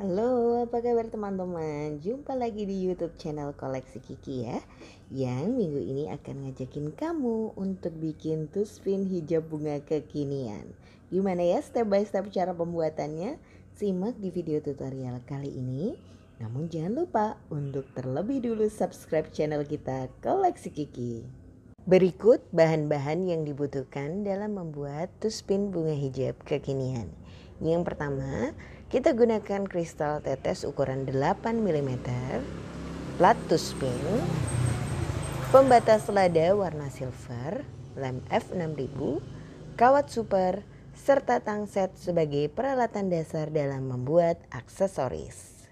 Halo, apa kabar teman-teman? Jumpa lagi di YouTube channel Koleksi Kiki ya. Yang minggu ini akan ngajakin kamu untuk bikin tuspin hijab bunga kekinian. Gimana ya step by step cara pembuatannya? Simak di video tutorial kali ini. Namun jangan lupa untuk terlebih dulu subscribe channel kita Koleksi Kiki. Berikut bahan-bahan yang dibutuhkan dalam membuat tuspin bunga hijab kekinian. Yang pertama, kita gunakan kristal tetes ukuran 8 mm, platus tuspin, pembatas lada warna silver, lem F6000, kawat super, serta tangset sebagai peralatan dasar dalam membuat aksesoris.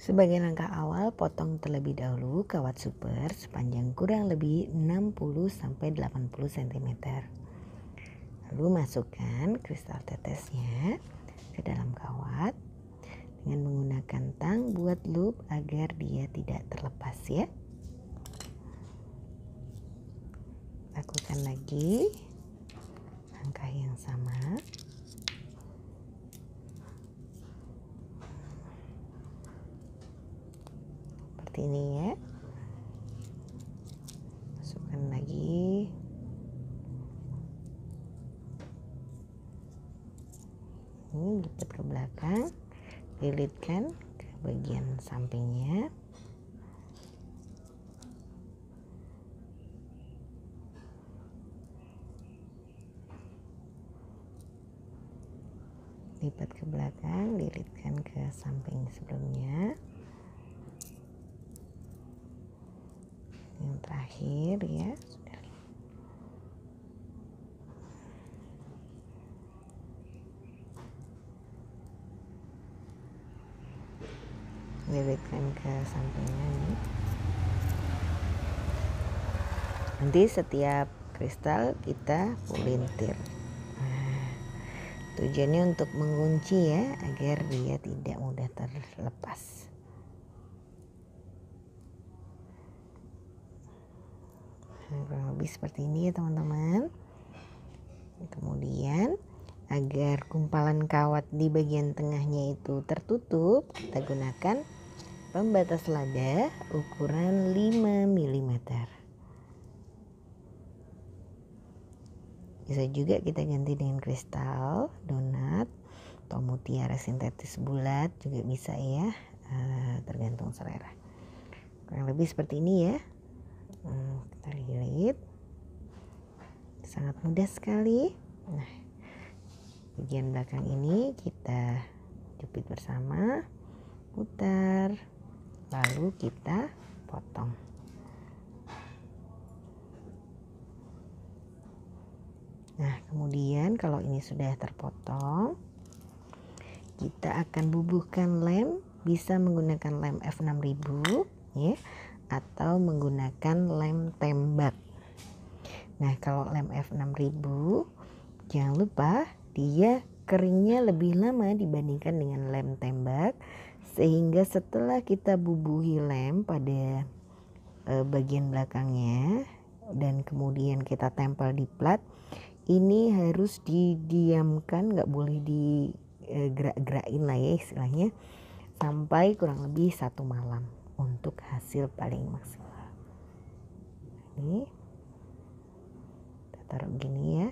Sebagai langkah awal, potong terlebih dahulu kawat super sepanjang kurang lebih 60-80 cm. Lalu masukkan kristal tetesnya ke dalam kawat dengan menggunakan tang buat loop agar dia tidak terlepas ya. Lakukan lagi langkah yang sama. Seperti ini ya. lipat ke belakang lilitkan ke bagian sampingnya lipat ke belakang lilitkan ke samping sebelumnya yang terakhir ya lilitkan ke sampingnya nih nanti setiap kristal kita pulintir nah, tujuannya untuk mengunci ya agar dia tidak mudah terlepas nah, kurang lebih seperti ini ya teman-teman kemudian agar kumpalan kawat di bagian tengahnya itu tertutup kita gunakan pembatas lada ukuran 5 mm. Bisa juga kita ganti dengan kristal, donat, atau mutiara sintetis bulat juga bisa ya, eh, tergantung selera. Kurang lebih seperti ini ya. Hmm, kita lilit. Sangat mudah sekali. Nah, bagian belakang ini kita jepit bersama putar lalu kita potong nah kemudian kalau ini sudah terpotong kita akan bubuhkan lem bisa menggunakan lem F6000 ya atau menggunakan lem tembak nah kalau lem F6000 jangan lupa dia keringnya lebih lama dibandingkan dengan lem tembak sehingga setelah kita bubuhi lem pada e, bagian belakangnya dan kemudian kita tempel di plat ini harus didiamkan nggak boleh digerak-gerakin eh, lah ya istilahnya sampai kurang lebih satu malam untuk hasil paling maksimal ini kita taruh gini ya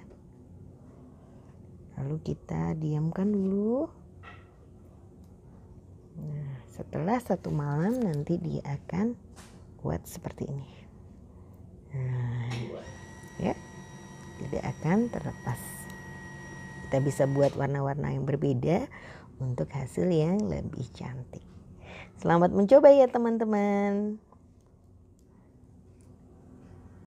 lalu kita diamkan dulu Nah, setelah satu malam nanti dia akan buat seperti ini. Nah, ya, tidak akan terlepas. Kita bisa buat warna-warna yang berbeda untuk hasil yang lebih cantik. Selamat mencoba ya teman-teman.